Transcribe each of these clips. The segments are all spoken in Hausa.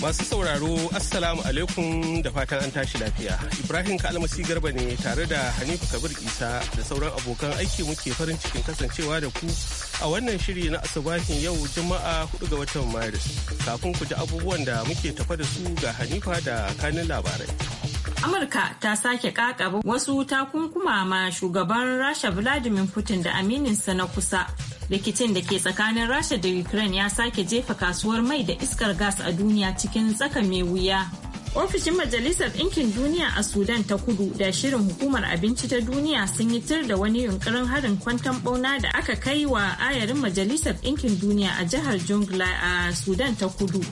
Masu sauraro Assalamu alaikum da fatan an tashi lafiya. Ibrahim Kalmasi Garba ne tare da Hanifu Kabir Isa da sauran abokan aiki muke farin cikin kasancewa da ku a wannan shiri na asubahin yau Juma'a 4 ga watan Maris. Kafin ku ji abubuwan da muke tafa da su ga Hanifa da kanin labarai. Amurka ta sake kakabu wasu takunkuma ma shugaban Rasha Vladimir Putin da amininsa na kusa rikicin da ke tsakanin rasha da ukraine ya sake jefa kasuwar mai da iskar gas a duniya cikin tsaka mai wuya ofishin majalisar ɗinkin duniya a sudan ta kudu da shirin hukumar abinci ta duniya sun yi tir da wani yunkurin harin kwantan bauna da aka kai wa ayarin majalisar ɗinkin duniya a jihar jungla a sudan ta kudu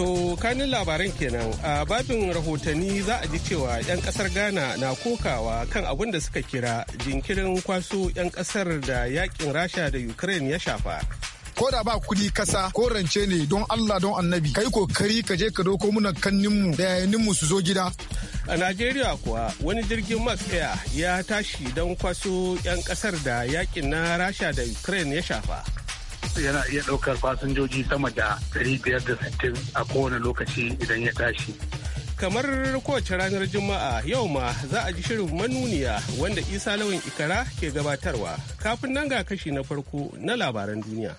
To kanin labaran kenan a babin rahotanni za a ji cewa 'yan kasar Ghana na kokawa kan abin da suka kira jinkirin kwaso 'yan kasar da yakin Rasha da Ukraine ya shafa. ko da ba kudi kasa ko rance ne don Allah don annabi kai kokari ka je ka doko muna kanninmu da yayaninmu su zo gida. A Najeriya kuwa wani jirgin Max Air ya tashi don kwaso 'yan kasar da yakin na Rasha da Ukraine ya shafa. yana iya ɗaukar fasinjoji sama da da 560 a kowane lokaci idan ya tashi. kamar kowace ranar juma'a yau ma za a ji shirin manuniya wanda isa lawan ikara ke gabatarwa kafin nan ga kashi na farko na labaran duniya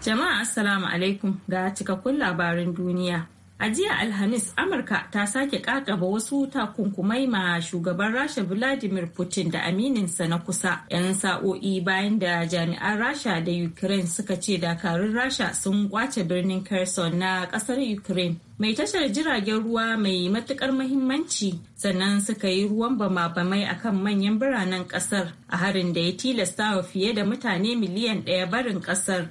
jama'a assalamu alaikum ga cikakkun labaran duniya A jiya Alhamis, Amurka ta sake kakaba wasu takunkumai ma shugaban Rasha Vladimir Putin da amininsa na kusa 'yan sa'o'i bayan da jami'an Rasha da Ukraine suka ce dakarun Rasha sun kwace birnin Kherson na kasar Ukraine. Mai tashar jiragen ruwa mai matukar mahimmanci sannan suka yi ruwan bama-bamai a manyan biranen kasar a harin da ya tilastawa fiye da mutane miliyan ɗaya barin kasar.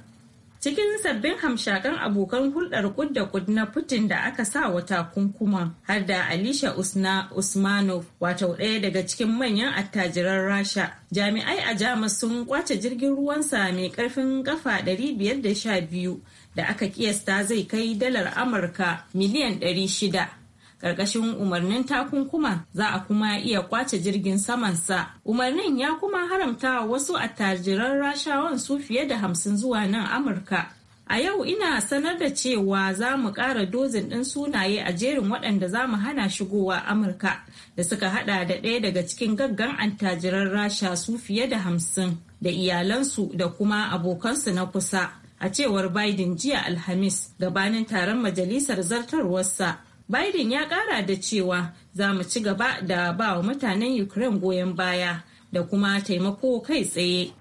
cikin sabbin hamshakan abokan hulɗar kud da kud na Putin da aka sa wa takunkuman har da Alisha Usna Usmanov wato ɗaya daga cikin manyan attajiran Rasha. Jami'ai a Jamus sun kwace jirgin ruwansa mai ƙarfin kafa 512 da aka kiyasta zai kai dalar Amurka miliyan 600. Ƙarƙashin umarnin takunkuma za a kuma iya kwace jirgin samansa. Umarnin ya kuma haramta wasu attajiran rashawan su fiye da hamsin zuwa nan Amurka. A yau ina sanar da cewa za mu ƙara dozin ɗin sunaye a jerin waɗanda za mu hana shigowa Amurka da suka haɗa da ɗaya daga cikin gaggan attajiran rasha su fiye da hamsin da iyalansu da kuma abokansu na kusa. A cewar Biden jiya Alhamis gabanin taron majalisar zartarwarsa Biden ya kara da cewa za mu ci gaba da ba wa mutanen Ukraine goyon baya da kuma taimako kai tsaye.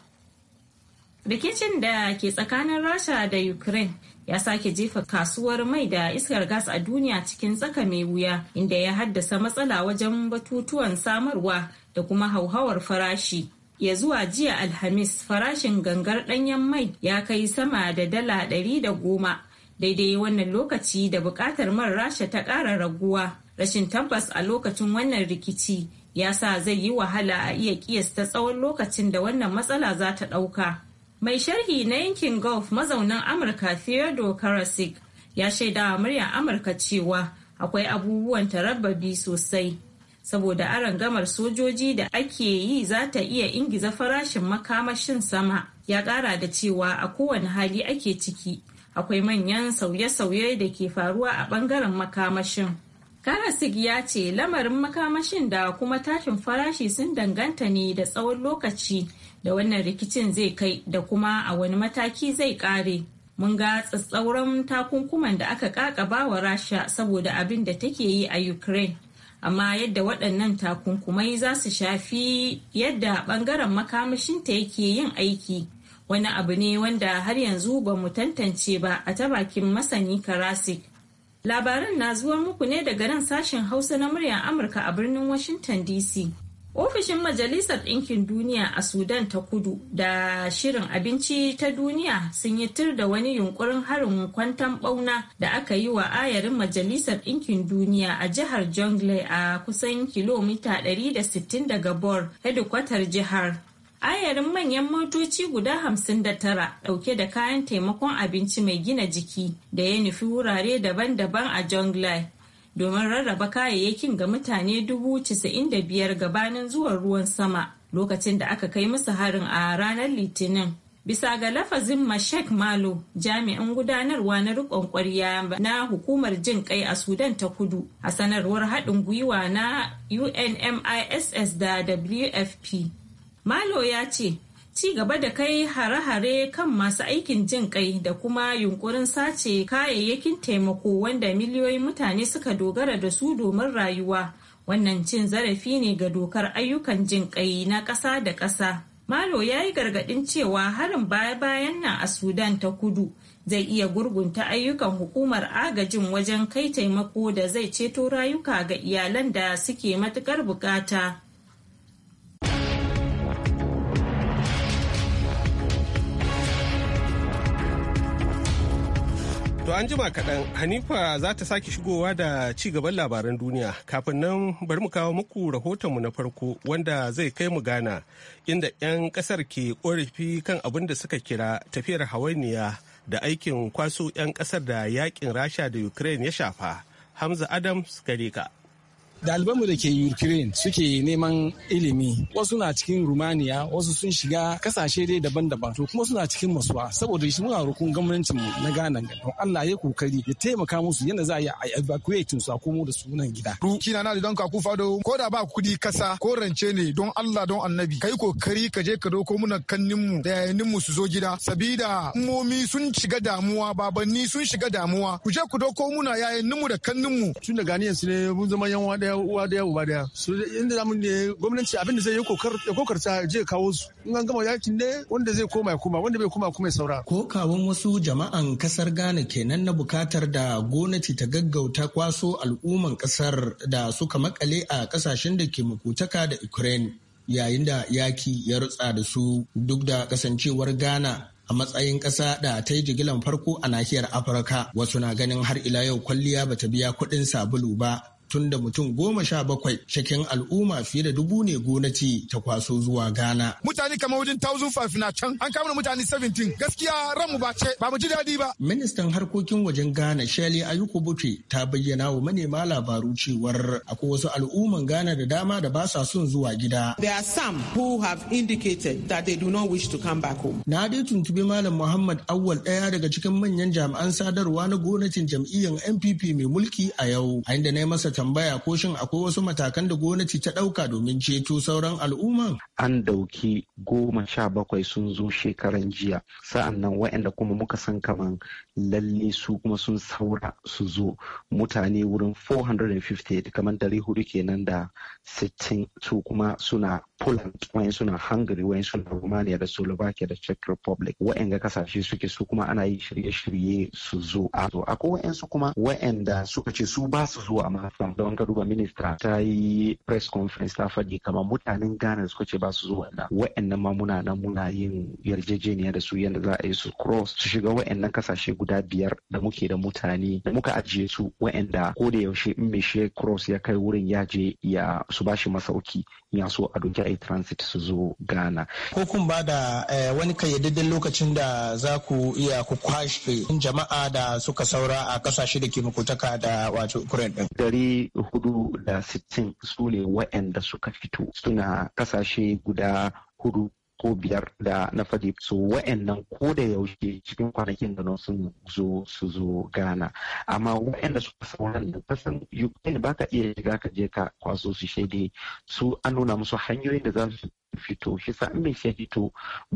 Rikicin da ke tsakanin Rasha da Ukraine ya sake jefa kasuwar mai da iskar gas a duniya cikin tsaka mai wuya inda ya haddasa matsala wajen batutuwan samarwa da kuma hauhawar farashi. ya zuwa jiya alhamis farashin gangar ɗanyen mai ya kai sama da dala ɗari da goma daidai wannan lokaci da buƙatar man rasha ta ƙara raguwa rashin tabbas a lokacin wannan rikici ya sa zai yi wahala a iya kiyasta tsawon lokacin da wannan matsala za ta ɗauka mai sharhi na yankin golf mazaunin amurka theodore karasik ya shaidawa muryar amurka cewa akwai abubuwan tarabbabi sosai saboda gamar sojoji da ake yi za ta iya ingiza farashin makamashin sama ya kara da cewa a kowane hali ake ciki akwai manyan sauye-sauye da ke faruwa a bangaren makamashin karasik ya ce lamarin makamashin da kuma tashin farashi sun danganta ne da tsawon lokaci da wannan rikicin zai kai da kuma a wani mataki zai kare mun ga tsatsauran takunkuman da aka kakaba wa rasha saboda abin da take yi a ukraine amma yadda waɗannan takunkumai za su shafi yadda ɓangaren makamashinta yake yin aiki wani abu ne wanda har yanzu ba mu tantance ba a ta bakin masani karasik labaran na zuwa muku ne daga nan sashen hausa na muryar amurka a birnin washington dc ofishin majalisar ɗinkin duniya a sudan ta kudu da shirin abinci ta duniya sun yi tur da wani yunkurin harin kwantan ɓauna da aka yi wa ayarin majalisar ɗinkin duniya a jihar jongle a kusan kilomita 160 daga bor hedikwatar jihar ayarin manyan motoci guda hamsin da tara dauke da kayan taimakon abinci mai gina jiki da ya nufi wurare daban-daban a jonglai domin rarraba kayayyakin ga mutane dubu casa'in da biyar gabanin zuwan ruwan sama lokacin da aka kai musu harin a ranar litinin bisa ga lafazin mashek malo jami'in gudanarwa na rikon kwarya na hukumar jin kai a sudan ta kudu a sanarwar haɗin gwiwa na unmiss da wfp Malo ya ce, ci gaba da kai hare-hare kan masu aikin jin kai da kuma yunkurin sace kayayyakin taimako wanda miliyoyin mutane suka dogara da su domin rayuwa. Wannan cin zarafi ne ga dokar ayyukan jin kai na ƙasa da ƙasa. Malo ya yi gargaɗin cewa harin baya-bayan nan a Sudan ta kudu zai iya gurgunta ayyukan hukumar agajin wajen kai taimako da zai ceto rayuka ga iyalan da suke matukar bukata. To an jima kaɗan Hanifa za ta sake shigowa da ci gaban labaran duniya kafin nan bari mu kawo muku rahotonmu na farko wanda zai kai mu gana, inda 'yan ƙasar ke ƙorafi kan abin da suka kira tafiyar hawainiya da aikin kwaso 'yan ƙasar da yakin Rasha da Ukraine ya shafa. Hamza Adams gare ka. mu da ke Ukraine suke neman ilimi wasu na cikin Rumaniya wasu sun shiga kasashe dai daban-daban to kuma suna cikin masuwa saboda shi muna rukun gwamnatin mu na Ghana ga Allah ya kokari ya taimaka musu yadda za a yi evacuate su a komo da sunan gida. Kina na don ka kufa da ko da ba kudi kasa ko rance ne don Allah don annabi kai kokari ka je ka doko muna kannin mu da yayin mu su zo gida sabida momi sun shiga damuwa babanni sun shiga damuwa ku je ku doko muna yayin mu da kannin mu tun da ganiyan su ne mun zama yan wada daya uwa daya uba daya su inda zamu ne gwamnati abin zai yi kokarta je kawo su in an gama yakin ne wanda zai koma ya koma wanda bai koma kuma ya saura ko kawun wasu jama'an kasar Ghana kenan na bukatar da gwamnati ta gaggauta kwaso al'umman kasar da suka makale a kasashen da ke makutaka da Ukraine yayin da yaki ya rutsa da su duk da kasancewar Ghana a matsayin ƙasa da ta yi jigilan farko a nahiyar Afirka. Wasu na ganin har ila yau kwalliya bata biya kuɗin sabulu ba Tun da mutum goma sha bakwai cikin al'umma fiye da dubu ne gwamnati ta kwaso zuwa Ghana. Mutane kamar wajen 1,500 na can an kama mutane 17 gaskiya ranmu ba ce ba mu ji daɗi ba. Ministan harkokin wajen Ghana Shelley Bute ta bayyana wa manema labaru cewar akwai wasu al'umman Ghana da dama da ba sa son zuwa gida. There are some who have indicated that they do not wish to come back home. Na dai tuntubi Malam Muhammad Awwal ɗaya daga cikin manyan jami'an sadarwa na gwamnatin jam'iyyar NPP mai mulki a yau. A inda na masa tambaya ko shin akwai wasu matakan da gwamnati ta ɗauka domin ceto sauran al'umma? An ɗauki goma sha bakwai sun zo shekaran jiya, sa'an nan waɗanda kuma muka san kaman lalle su kuma sun saura su zo mutane wurin 450 kamar dari hudu kenan da 60 su kuma suna Poland, wayan suna Hungary, wayan suna Romania da Slovakia da Czech Republic. ga kasashe suke su kuma ana yi shirye-shirye su zo. Akwai su kuma wayanda suka ce su ba su zuwa amma sam don ka duba minista ta yi press conference ta faɗi kama mutanen Ghana suka ce ba su zuwa nan wa'annan ma muna nan muna yin yarjejeniya da su yadda za a yi su cross su shiga wa'annan kasashe guda biyar da muke da mutane da muka ajiye su wa'anda ko da yaushe in mai cross ya kai wurin ya je ya su bashi masauki ya so a doki a transit su zo Ghana. Ko kun ba da wani kayyadaddin lokacin da za ku iya ku kwashe jama'a da suka saura a kasashe da ke mukutaka da wato Ukraine din. Dari hudu da sittin su ne wa'anda suka fito suna kasashe guda hudu ko biyar da na faɗi su wa'annan ko da yaushe cikin kwanakin da nan sun zo su zo gana amma wa'anda su sauran da kasan ukraine ba ka iya shiga ka je ka kwaso su shaidai su an nuna musu hanyoyin da za su fito shi sa an bai fito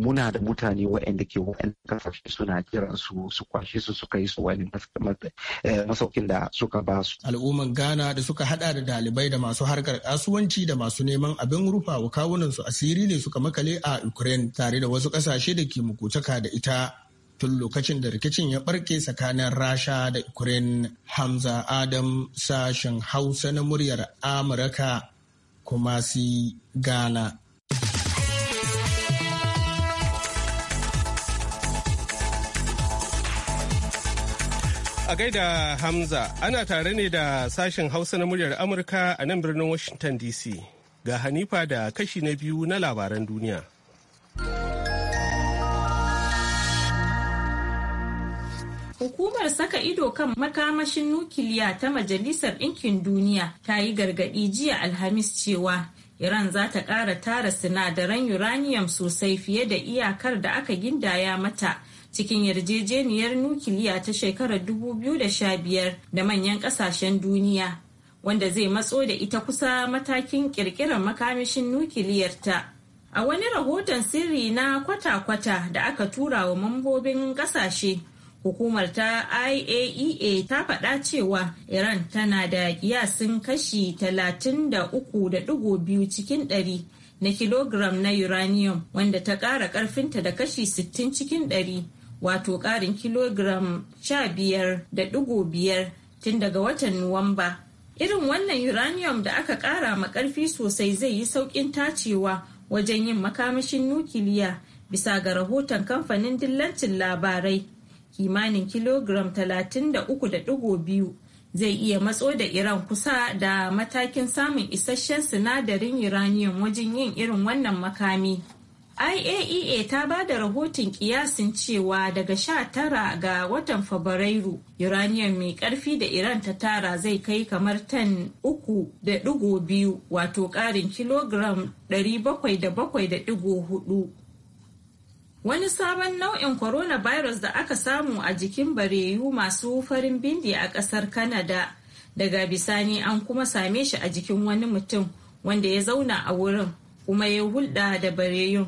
muna da mutane waɗanda ke waɗanda kasashe suna kiran su su kwashe su suka yi su wani eh, masaukin da suka ba su. Al'umman Ghana da suka hada da dalibai da masu harkar kasuwanci da masu neman abin rufa wa kawunan su asiri ne suka makale a Ukraine tare da wasu kasashe da ke mukutaka da ita tun lokacin da rikicin ya barke tsakanin rasha da ukraine hamza adam sashen hausa na muryar amurka kuma si ghana A gaida Hamza, ana tare ne da sashen Hausa na muryar Amurka a nan birnin Washington DC. Ga Hanifa da kashi na biyu na labaran duniya. Hukumar saka ido kan makamashin nukiliya ta Majalisar Ɗinkin Duniya ta yi gargaɗi jiya Alhamis cewa Iran za ta ƙara tara sinadaran uranium sosai fiye da iyakar da aka gindaya mata. cikin yarjejeniyar nukiliya ta shekarar 2015 da manyan kasashen duniya wanda zai matso da ita kusa matakin kirkirar makamashin nukiliyarta. A wani rahoton sirri na kwata-kwata da aka tura wa mambobin kasashe, hukumar ta IAEA e ta faɗa cewa Iran tana da kiyasin kashi 33.2 cikin ɗari. na kilogram na uranium wanda ta ƙara ƙarfinta da kashi 60 cikin ɗari. wato ƙarin kilogiram sha biyar da ɗigo biyar tun daga watan Nuwamba. Irin wannan uranium da aka kara ma karfi sosai zai yi saukin tacewa wajen yin makamashin nukiliya bisa ga rahoton kamfanin dillancin labarai kimanin kilogiram biyu zai iya matso da iran kusa da matakin samun isasshen sinadarin uranium wajen yin irin wannan makami IAEA e ta ba da rahoton kiyasin cewa daga 19 ga watan Fabrairu, uranium mai karfi da Iran ta tara zai kai kamar tan 3.2 wato karin kilogram 707.4. Wani sabon nau'in coronavirus da aka samu a jikin bareyu masu farin bindi a ƙasar Canada daga bisani an kuma same shi a jikin wani mutum wanda ya zauna a wurin kuma ya hulɗa da bareyun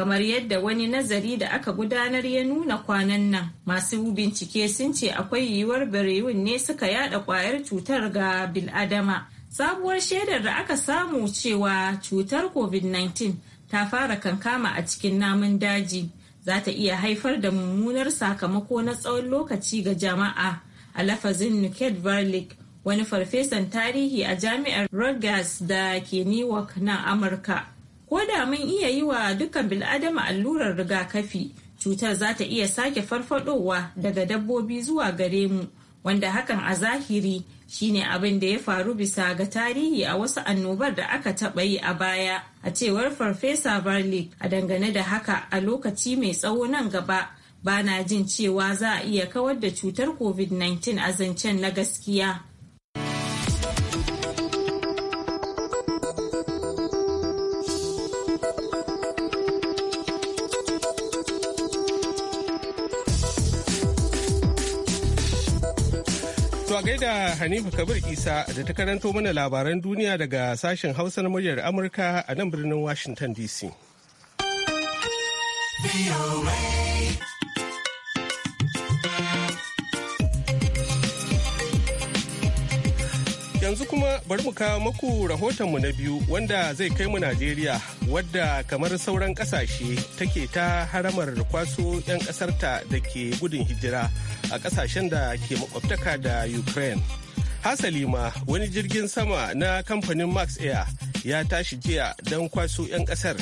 kamar yadda wani nazari da aka gudanar ya nuna kwanan nan masu bincike sun ce akwai yiwuwar berewin ne suka yada kwayar cutar ga biladama sabuwar shaidar da aka samu cewa cutar covid-19 ta fara kankama a cikin namun daji za ta iya haifar da mummunar sakamako na tsawon lokaci ga jama'a a lafazin nuket varlik wani farfesan tarihi a jami'ar rogers da ke newark na amurka ko da mun iya yi wa dukkan bil'adama allurar rigakafi cutar za ta iya sake farfadowa daga dabbobi zuwa gare mu wanda hakan a zahiri shine abin da ya faru bisa ga tarihi a wasu annobar da aka taɓa yi a baya a cewar farfesa barley a dangane da haka a lokaci mai tsawo nan gaba ba na jin cewa za a iya kawar da cutar covid-19 a zancen na gaskiya da Hanifu Kabir Isa da ta karanto mana labaran duniya daga sashen Hausa na muryar Amurka a nan birnin Washington DC. yanzu kuma bari mu kawo maku rahotonmu na biyu wanda zai kai mu Najeriya wadda kamar sauran kasashe take ta haramar kwaso 'yan kasarta da ke gudun hijira a kasashen da ke makwabtaka da Ukraine. Hasali ma wani jirgin sama na kamfanin Max Air ya tashi jiya don kwaso 'yan kasar.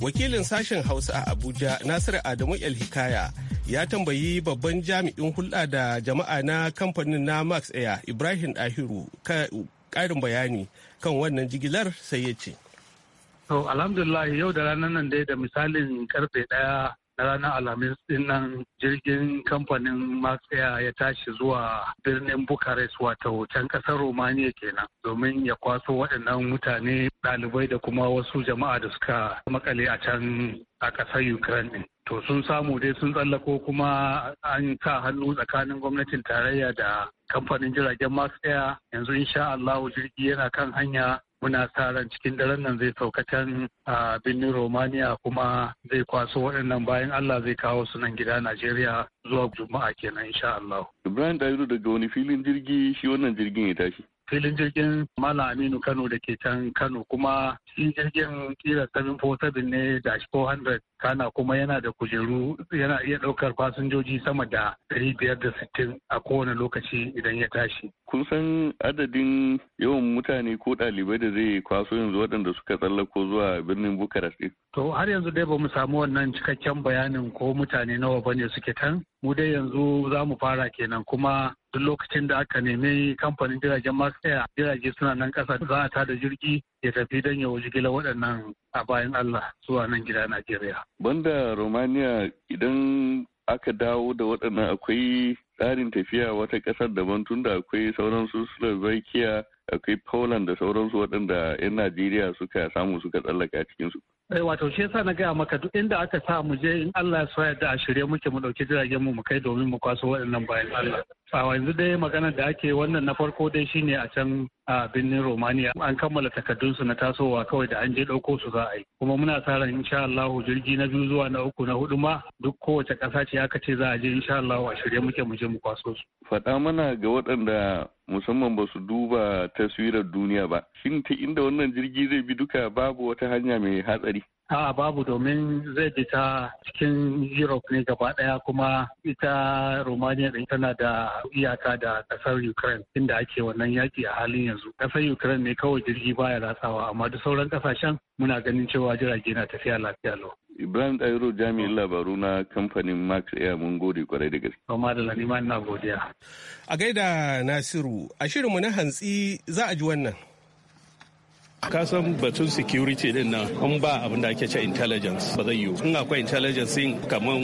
Wakilin sashen Hausa a Abuja Nasiru Adamu El Hikaya ya tambayi babban jami'in hulɗa da jama'a na kamfanin na max air ibrahim ahiru ƙarin bayani kan wannan jigilar sai ya ce to alhamdulillah yau da ranar nan dai da misalin karfe ɗaya ranar alhamis dinnan jirgin kamfanin max air ya tashi zuwa birnin bucharest wato can kasar romania kenan domin ya kwaso waɗannan mutane ɗalibai da kuma wasu jama'a da suka makale a can a ƙasar ukraine to sun samu dai sun tsallako kuma an sa hannu tsakanin gwamnatin tarayya da kamfanin jiragen max air yanzu insha allahu jirgi yana kan hanya muna sa ran cikin daren nan zai sauka a birnin romania kuma zai kwaso waɗannan bayan allah zai kawo su nan gida najeriya zuwa juma'a kenan insha allah ibrahim dayiru daga wani filin jirgi shi wannan jirgin ya tashi filin jirgin Malam Aminu Kano da ke can Kano kuma shi jirgin kira 747 ne da 400 kana kuma yana da kujeru yana iya ɗaukar fasinjoji sama da 560 a kowane lokaci idan ya tashi. Kun san adadin yawan mutane ko ɗalibai da zai kwaso yanzu waɗanda suka tsallako zuwa birnin Bukarest To har yanzu dai bamu samu wannan cikakken bayanin ko mutane nawa bane suke tan. Mu dai yanzu za mu fara kenan kuma duk lokacin da aka nemi kamfanin jiragen masaya jirage suna nan kasa za a tada jirgi ya tafi don ya gila waɗannan a bayan Allah zuwa nan gida Najeriya. Banda Romania idan aka dawo da waɗannan akwai tsarin tafiya wata ƙasar daban tunda akwai sauransu Slovakia akwai Poland da sauransu waɗanda 'yan Najeriya suka samu suka tsallaka cikinsu. Eh wato shi yasa na gaya maka duk inda aka sa mu je in Allah ya so da a shirye muke mu dauki jiragen mu mu kai domin mu kwaso waɗannan bayan Allah. A yanzu dai maganar da ake wannan na farko dai shine a can a birnin romania an kammala takardunsu na tasowa kawai da an je ɗauko su za a yi kuma muna sa ran insha Allah jirgi na biyu zuwa na uku na hudu ma duk kowace ƙasa ce aka ce za a je insha Allah a shirye muke mu je mu kwaso su faɗa mana ga waɗanda musamman ba su duba taswirar duniya ba shin ta inda wannan jirgi zai bi duka babu wata hanya mai hatsari A'a babu domin zai bi ta cikin Europe ne gaba daya kuma ita Romania din tana da iyaka da ƙasar Ukraine inda ake wannan yaki a halin yanzu. Kasar Ukraine ne kawai jirgi baya ratsawa amma duk sauran kasashen muna ganin cewa jirage na tafiya lafiya lau. Ibrahim Dairo jami'in labaru na kamfanin Max Air mun gode kwarai da gaske. Kuma da lalima ina godiya. A gaida Nasiru, a shirinmu na hantsi za a ji wannan. ka san batun security din nan in ba abin da ake ce intelligence ba zai yiwu in akwai intelligence din kaman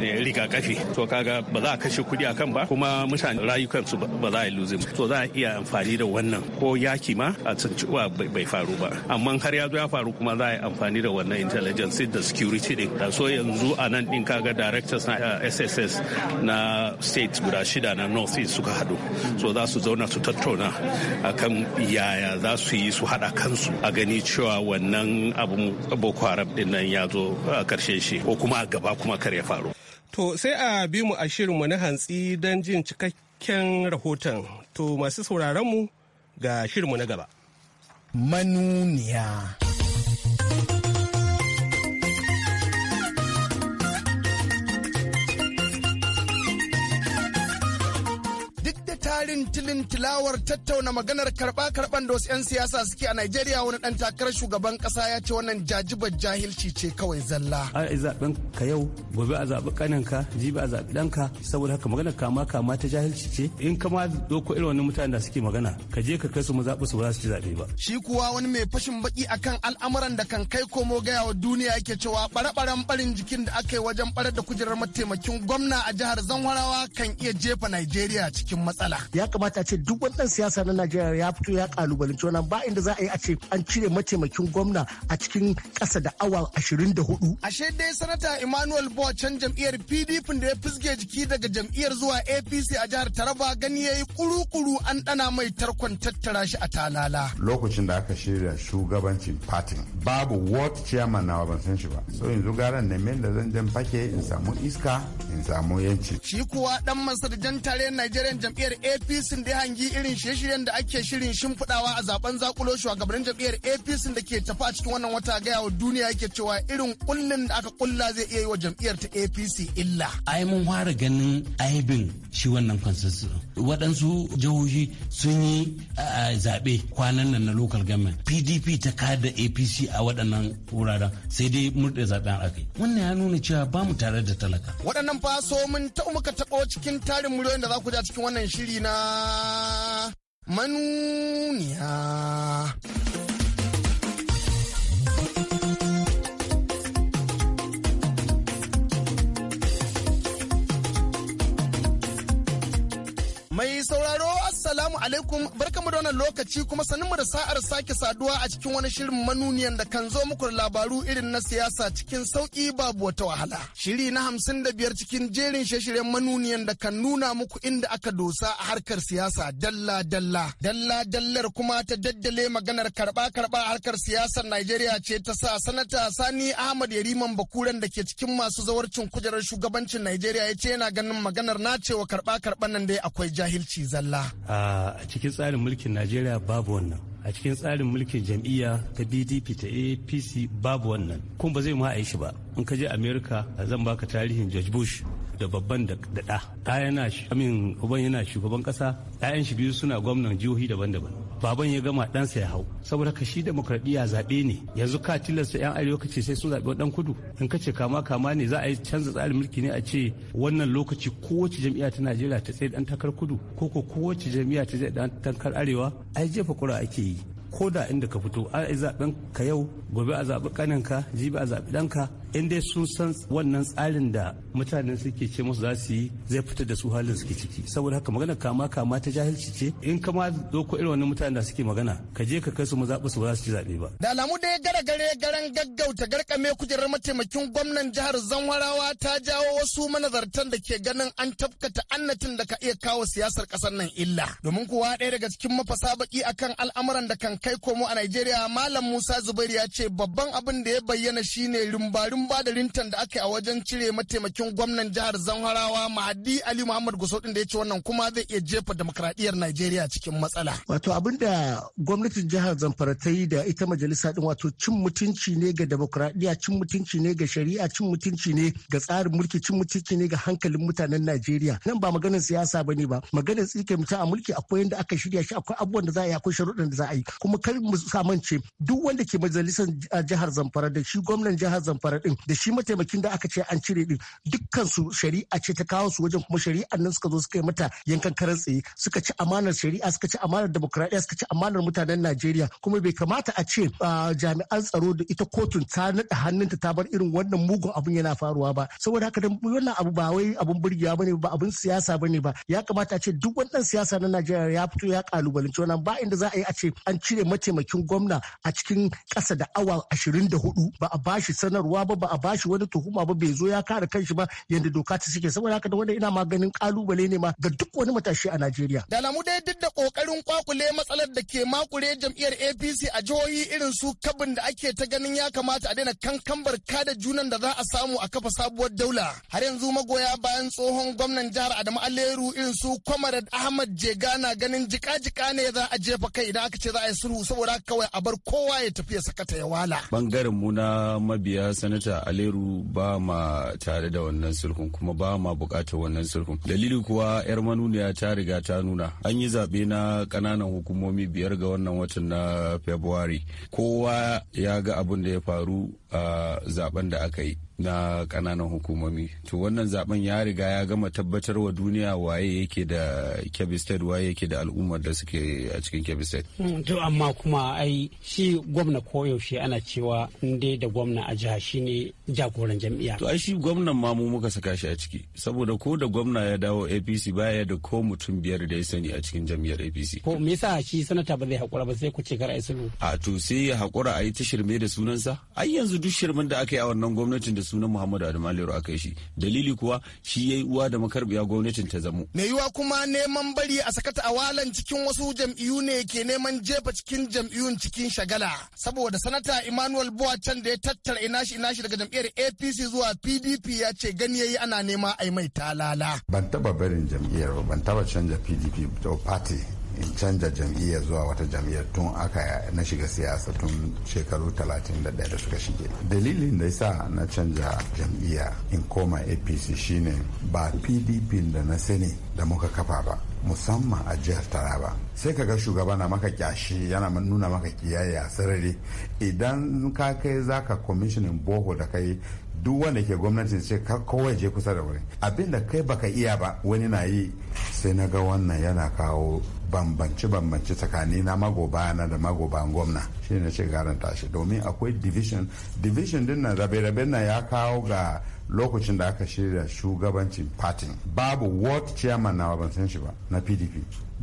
eh, rigakafi to kaga ba za a kashe kuɗi akan ba kuma mutane rayukan su ba za a lose to za a iya amfani da wannan ko yaki ma a cewa bai faru ba amma har ya ya faru kuma za a yi amfani da wannan intelligence da security din da so yanzu a nan din kaga directors na SSS eh, na state guda shida na north east suka haɗu so za su zauna su tattauna akan yaya za su yi su haɗa kansu su a gani cewa wannan abu boko haram din nan ya zo a karshen shi ko kuma a gaba kuma kar ya faru to sai a bi mu a shirinmu na hantsi don jin cikakken rahoton to masu sauraron mu ga shirinmu na gaba manuniya tarin tilin tilawar tattauna maganar karba karɓan da wasu 'yan siyasa suke a Najeriya wani dan takarar shugaban kasa ya ce wannan jajibar jahilci ce kawai zalla. A zaɓen ka yau gobe a zaɓi ƙaninka jibi a zaɓi ɗanka saboda haka maganar kama kama ta jahilci ce in kama doko irin wani mutanen da suke magana ka je ka kai su mu zaɓi su ba za su ci zaɓe ba. Shi kuwa wani mai fashin baki akan al'amuran da kan kai komo gaya wa duniya yake cewa ɓare ɓarin jikin da aka yi wajen barar da kujerar mataimakin gwamna a jihar Zamwarawa kan iya jefa Najeriya cikin matsala. ya kamata a ce duk wannan siyasa na Najeriya ya fito ya kalubalance wannan ba inda za a yi a ce an cire mataimakin gwamna a cikin ƙasa da awa 24. Ashe dai sanata Emmanuel can jam'iyyar PDP da ya fizge jiki daga jam'iyyar zuwa APC a jihar Taraba gani ya yi kuru-kuru an ɗana mai tarkon tattara shi a talala. Lokacin da aka shirya shugabancin fatin babu ward chairman na ban san shi ba. So yanzu garan ne men da zan jan fake in samu iska in samu yanci. Shi kuwa dan masar jan tare Nigerian jam'iyyar APC da hangi irin shirye-shiryen da ake shirin shimfiɗawa a zaben zakulo shugabannin jam'iyyar APC da ke tafi a cikin wannan wata gaya wa duniya yake cewa irin kullun da aka kulla zai iya yi wa jam'iyyar ta APC illa. Ai mun fara ganin aibin shi wannan consensus. Waɗansu jihohi sun yi zaɓe kwanan nan na local government. PDP ta kada APC a waɗannan wuraren sai dai murɗe zaɓen aka Wannan ya nuna cewa ba mu tare da talaka. Waɗannan fa so mun ta muka taɓo cikin tarin miliyoyin da za ku ja cikin wannan shiri na manuniya. alaikum barkamu da wannan lokaci kuma sanin da sa'ar sake saduwa a cikin wani shirin manuniyan da kan zo muku da labaru irin na siyasa cikin sauki babu wata wahala. Shiri na hamsin da biyar cikin jerin shirye-shiryen manuniyan da kan nuna muku inda aka dosa a harkar siyasa dalla dalla. Dalla dallar kuma ta daddale maganar karba karba harkar siyasar Najeriya ce ta sa sanata Sani Ahmad Yariman bakuran da ke cikin masu zawarcin kujerar shugabancin Najeriya ya ce yana ganin maganar na cewa karba karban nan dai akwai jahilci zalla. Ah, a cikin tsarin mulkin najeriya babu wannan a cikin tsarin mulkin jam'iyya ta bdp ta apc babu wannan kuma ba zai ma a ba in ka je america zan baka tarihin george bush da babban da da yana amin uban yana shugaban ƙasa ɗayan shi biyu suna gwamnan jihohi daban-daban baban ya gama ɗansa ya hau saboda ka shi demokradiyya zaɓe ne yanzu ka tilasta yan arewa ka ce sai sun zaɓi ɗan kudu in ka ce kama kama ne za a yi canza tsarin mulki ne a ce wannan lokaci kowace jam'iyya ta najeriya ta tsaye ɗan takar kudu ko ko kowace jam'iyya ta tsaye ɗan takar arewa ai jefa kura ake yi ko da inda ka fito a zaben ka yau gobe a zaɓi kaninka jibi a zaɓi ɗanka in dai sun san wannan tsarin da mutanen suke ce musu za su yi zai fitar da su halin suke ciki saboda haka magana kama kama ta jahilci ce in kama doko irin wannan mutanen da suke magana ka je ka kai su mazaɓa su ba za su ci zaɓe ba. da alamu dai gara gare garan gaggauta garkame kujerar mataimakin gwamnan jihar zamwarawa ta jawo wasu manazartan da ke ganin an tafkata annatin da ka iya kawo siyasar ƙasar nan illa domin kuwa ɗaya daga cikin mafasa baki akan al'amuran da kan kai komo a Najeriya Malam Musa Zubairu ya ce babban abin da ya bayyana shine rumbarin bayan ba da rintan da aka yi a wajen cire mataimakin gwamnan jihar Zamfarawa Mahadi Ali Muhammad Gusau din da ya ce wannan kuma zai iya jefa demokradiyyar Najeriya cikin matsala. Wato abin da gwamnatin jihar Zamfara ta yi da ita majalisa din wato cin mutunci ne ga demokradiyya, cin mutunci ne ga shari'a, cin mutunci ne ga tsarin mulki, cin mutunci ne ga hankalin mutanen Najeriya. Nan ba maganar siyasa ba ne ba, maganar tsike mutum a mulki akwai yadda aka shirya shi akwai abubuwan da za a yi akwai sharuɗan da za a yi. Kuma kar mu samance duk wanda ke majalisar jihar Zamfara da shi gwamnan jihar Zamfara din din da shi mataimakin da aka ce an cire din dukkan su shari'a ce ta kawo su wajen kuma shari'an nan suka zo suka yi mata yankan karan tsaye suka ci amanar shari'a suka ci amanar demokradiya suka ci amanar mutanen Najeriya kuma bai kamata a ce jami'an tsaro da ita kotun ta naɗa hannunta ta bar irin wannan mugun abun yana faruwa ba saboda haka dan wannan abu ba wai abun burgewa bane ba abun siyasa bane ba ya kamata a ce duk wannan siyasa na Najeriya ya fito ya kalubalanci wannan ba inda za a yi a ce an cire mataimakin gwamna a cikin kasa da awa 24 ba a bashi sanarwa ba ba a bashi wani tuhuma ba bai zo ya kare kanshi ba yadda doka ta suke saboda haka da wanda ina maganin kalubale ne ma ga duk wani matashi a Najeriya. Da alamu dai duk da kokarin kwakule matsalar da ke makure jam'iyyar APC a jihohi irin su kabin da ake ta ganin ya kamata a daina kankambar kada junan da za a samu a kafa sabuwar daula. Har yanzu magoya bayan tsohon gwamnan jihar Adamu Aleru irin su Comrade Ahmad Jega na ganin jika-jika ne za a jefa kai idan aka ce za a yi sulhu saboda kawai a bar kowa ya tafi ya sakata ya wala. Bangaren mu na mabiya sanata ta Aleru ba ma tare da wannan sulhun kuma ba ma bukatar wannan sulhun. Dalili kuwa 'yar manuniya ta riga ta nuna an yi zaɓe na ƙananan hukumomi biyar ga wannan watan na February. Kowa ya ga abin da ya faru a zaben da aka yi. na kananan hukumomi to wannan zaben ya riga ya gama tabbatar wa duniya waye yake da kebistad waye yake da al'ummar da suke a cikin kebistad mm, to amma kuma ai shi gwamna ko yaushe ana cewa inda da gwamna a jiha shine jagoran jami'a. to ai shi gwamnan ma mu muka saka shi a ciki saboda ko da gwamna ya dawo apc baya da ko mutum biyar da ya sani a cikin jam'iyyar apc ko me yasa shi sanata ba zai hakura ba sai ku ce kar ai a to sai ya hakura a ta shirme da sunansa ai yanzu duk shirmen da aka yi a wannan gwamnatin da sunan Muhammadu Adamu Aliyu aka shi dalili kuwa shi yayi uwa da makarbiya gwamnatin ta zamo me yiwa kuma neman bari a sakata walan cikin wasu jam'iyyu ne ke neman jefa cikin jam'iyyun cikin shagala saboda sanata Emmanuel can da ya tattara ina shi ina shi daga jam'iyyar APC zuwa PDP ya ce gani yi ana nema a yi mai talala ban taba barin jam'iyyar ban taba canja PDP to party in canza jam'iyya zuwa wata jam'iyya tun aka na shiga siyasa tun shekaru 31 da suka shige dalilin da yasa na canza jam'iyya in koma apc shine ba pdp da na sani da muka kafa ba musamman a jihar taraba sai kaga shugaba na maka kyashi yana nuna maka kiyaye a sarari idan ka kai zaka kwamishinin boho da kai duk wanda ke gwamnatin ce ka je kusa da wurin abinda kai baka iya ba wani na yi sai na ga wannan yana kawo bambance bambance tsakani na magoba na da magoba gwamna shi ne ce garan tashi domin akwai division division din nan rabe-raben nan ya kawo ga lokacin da aka shirya shugabancin party babu ward chairman na ban san shi ba na pdp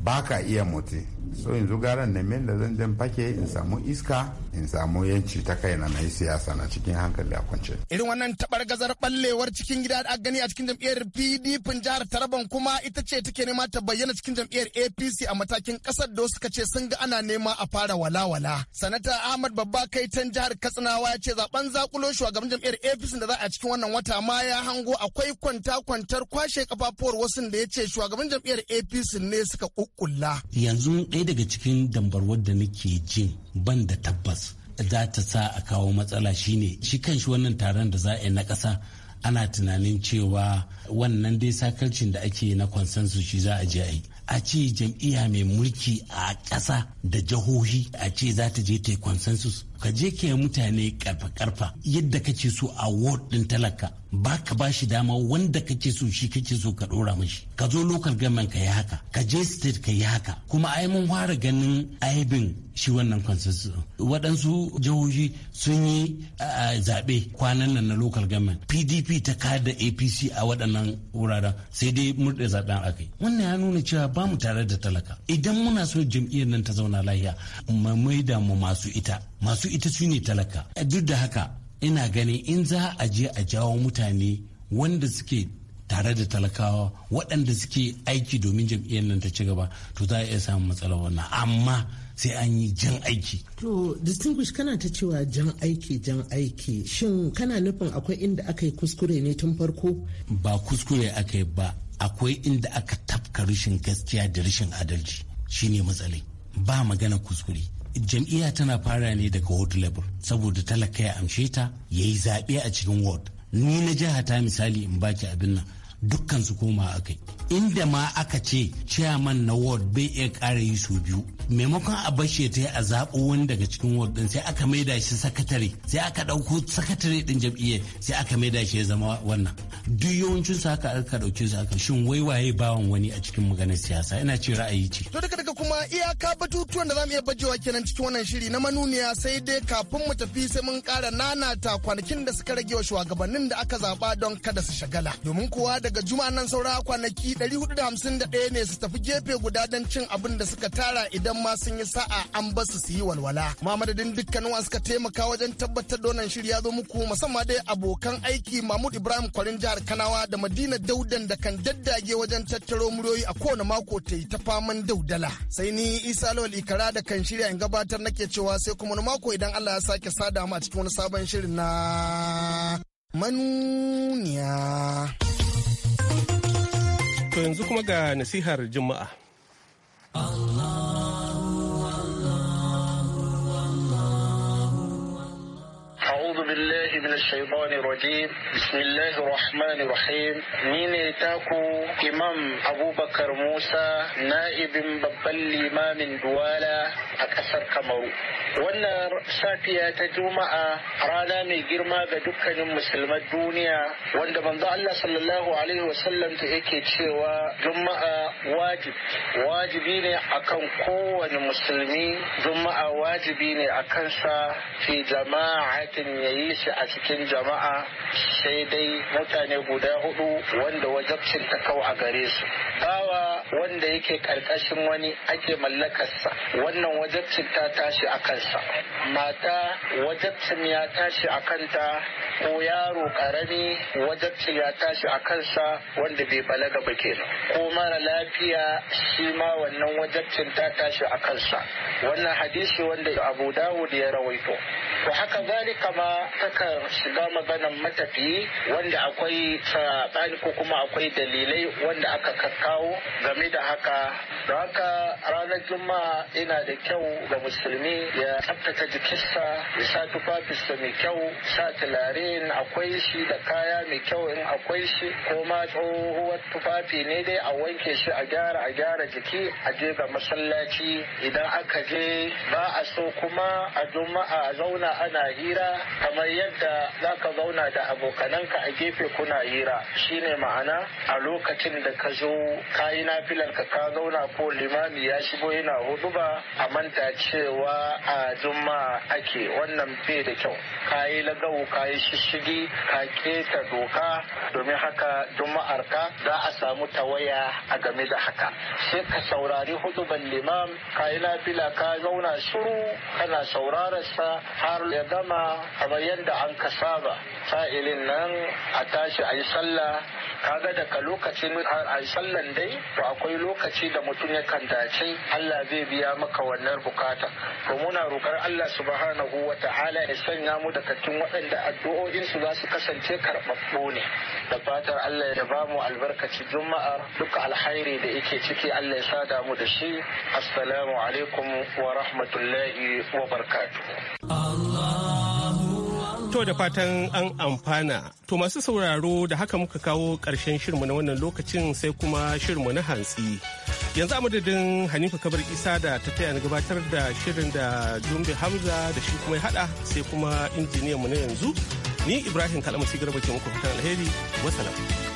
Baka iya motsi so yanzu gara nemen da zan jan fake in samu iska in samu yanci ta kaina na yi siyasa na cikin hankali a kwance. irin wannan tabar gazar ballewar cikin gida da gani a cikin jam'iyyar pdp jihar taraban kuma ita ce take nema ta bayyana cikin jam'iyyar apc a matakin kasar da suka ce sun ga ana nema a fara walawala sanata ahmad babba kai tan jihar katsinawa ya ce zaben zakulo shugaban jam'iyyar apc da za a cikin wannan wata ma ya hango akwai kwanta kwantar kwashe kafafuwar wasu da ya ce shugaban jam'iyyar apc ne suka kuku kukkulla yanzu ɗaya daga cikin dambarwar da nake jin ban da tabbas za ta sa a kawo matsala shine shi kan shi wannan taron da za a yi na ƙasa ana tunanin cewa wannan dai sakarcin da ake na consensus shi za a je a yi a ce jam'iyya mai mulki a ƙasa da jihohi a ce za ta je ta yi consensus ka je ka mutane karfa-karfa yadda kake so a ward din talaka ba ka ba shi dama wanda kake so shi kake so ka ɗora mashi ka zo local government ka yi haka ka je state ka yi haka kuma ai mun fara ganin aibin shi wannan consensus waɗansu jihohi sun yi zaɓe kwanan nan na local government pdp ta kada apc a waɗannan wuraren sai dai murɗe zaɓen akai wannan ya nuna cewa ba mu tare da talaka idan muna so jam'iyyar nan ta zauna lahiya mu maida mu masu ita masu ita su ne talaka duk da haka ina ganin in za a je a jawo mutane wanda suke tare da talakawa waɗanda suke aiki domin jam'iyyar nan ta ci gaba to za a iya samun matsala wannan amma sai an yi jan aiki. To distinguish kana ta cewa jan aiki jan aiki shin kana nufin akwai inda aka yi kuskure ne tun farko? Ba kuskure aka yi ba akwai inda aka tafka rashin gaskiya da rashin adalci shine matsalai ba magana kuskure jam'iyya tana fara ne daga ward level saboda talaka ya amshe ta ya yi zaɓe a cikin ward ni na jihata misali in baki abin nan dukkan su koma a kai inda ma aka ce chairman na ward bai iya kara yi su biyu maimakon a bashe ta a zaɓo wani daga cikin ward din sai aka maida shi sakatare sai aka ɗauko sakatare din jam'iyya sai aka maida shi ya zama wannan duk yawancin su haka aka ɗauke su aka shin wai waye bawan wani a cikin maganar siyasa ina ce ra'ayi ce to daga daga kuma iyaka batutuwan da zamu iya bajewa kenan cikin wannan shiri na manuniya sai dai kafin mu tafi sai mun ƙara nanata kwanakin da suka rage wa shugabannin da aka zaɓa don kada su shagala domin kuwa da daga juma'a nan saura kwanaki 451 ne su tafi gefe guda don cin abin da suka tara idan ma sun yi sa'a an ba su su yi walwala. Ma madadin dukkanin wasu suka taimaka wajen tabbatar da wannan shirya zo muku musamman dai abokan aiki Mahmud Ibrahim Kwarin jihar Kanawa da Madina Daudan da kan daddage wajen tattaro muryoyi a kowane mako ta yi ta faman daudala. Sai ni Isa Lawal Ikara da kan shirya in gabatar nake cewa sai kuma wani mako idan Allah ya sake sada mu a cikin wani sabon shirin na manuniya. To yanzu kuma ga nasihar Juma'a. بالله من الشيطان الرجيم بسم الله الرحمن الرحيم نيني تاكو إمام أبو بكر موسى babban limamin Duwala a ƙasar Kamaru. Wannan safiya ta Juma'a rana mai girma ga dukkanin musulman duniya wanda manzo Allah sallallahu alaihi wasallam ta yake cewa Juma'a wajib wajibi ne akan kowane musulmi Juma'a wajibi ne akan sa fi jama'atin yayi yi shi a cikin jama'a sai dai mutane guda hudu wanda wajabcin ta kau a gare su bawa wanda yake karkashin wani ake mallakarsa wannan wajabcin ta tashi a kansa mata wajabcin ya tashi a kanta ko yaro karami wajabcin ya tashi a kansa wanda bai balaga ba kenan ko mara lafiya shi ma wannan wajabcin ta tashi a kansa wannan hadisi wanda abu dawud ya rawaito to haka zalika ma saka shiga maganan matafi wanda akwai saɓani ko kuma akwai dalilai wanda aka kakkawo game da haka Don haka ranar Juma'a ina da kyau ga musulmi ya tsabtace jikinsa ya sa tufafinsa mai kyau sa tulare akwai shi da kaya mai kyau in akwai shi ko ma tsohuwar tufafi ne dai a wanke shi a gyara a gyara jiki a je ga masallaci idan aka je ba a so kuma a Juma'a a zauna ana hira kamar yadda za ka zauna da abokananka a gefe kuna hira shine ma'ana a lokacin da ka zo ka yi nafilar ka ka zauna ko limami ya shigo yana huɗuba a manta cewa a juma'a ake wannan bai da kyau ka yi lagau ka yi shishigi ka keta doka domin haka juma'ar ka za a samu tawaya a game da haka sai ka saurari huduban limam ka yi lafila ka zauna shiru kana saurararsa har ya gama kamar yadda an ka saba fa'ilin nan a tashi a yi sallah kaga daga lokaci a yi sallan dai to akwai lokaci da mutum ya kan dace Allah zai biya maka wannan bukata to muna roƙar Allah subhanahu wa ta'ala ya sanya mu daga cikin waɗanda addu'o'in su za su kasance karɓaɓɓo ne da fatar Allah ya ba mu albarkaci juma'a duk alhairi da yake ciki Allah ya sada mu da shi assalamu alaikum wa rahmatullahi wa barakatuh Allah To da fatan an amfana. To masu sauraro da haka muka kawo karshen shirmu na wannan lokacin sai kuma shirmu na hantsi. Yanzu a madadin Hanifa Kabar Isa da ta taya na gabatar da shirin da Jumbe Hamza da shi kuma ya haɗa sai kuma injiniyanmu na yanzu. Ni Ibrahim Kalamu Garba Bakin muku alheri. Wasalam.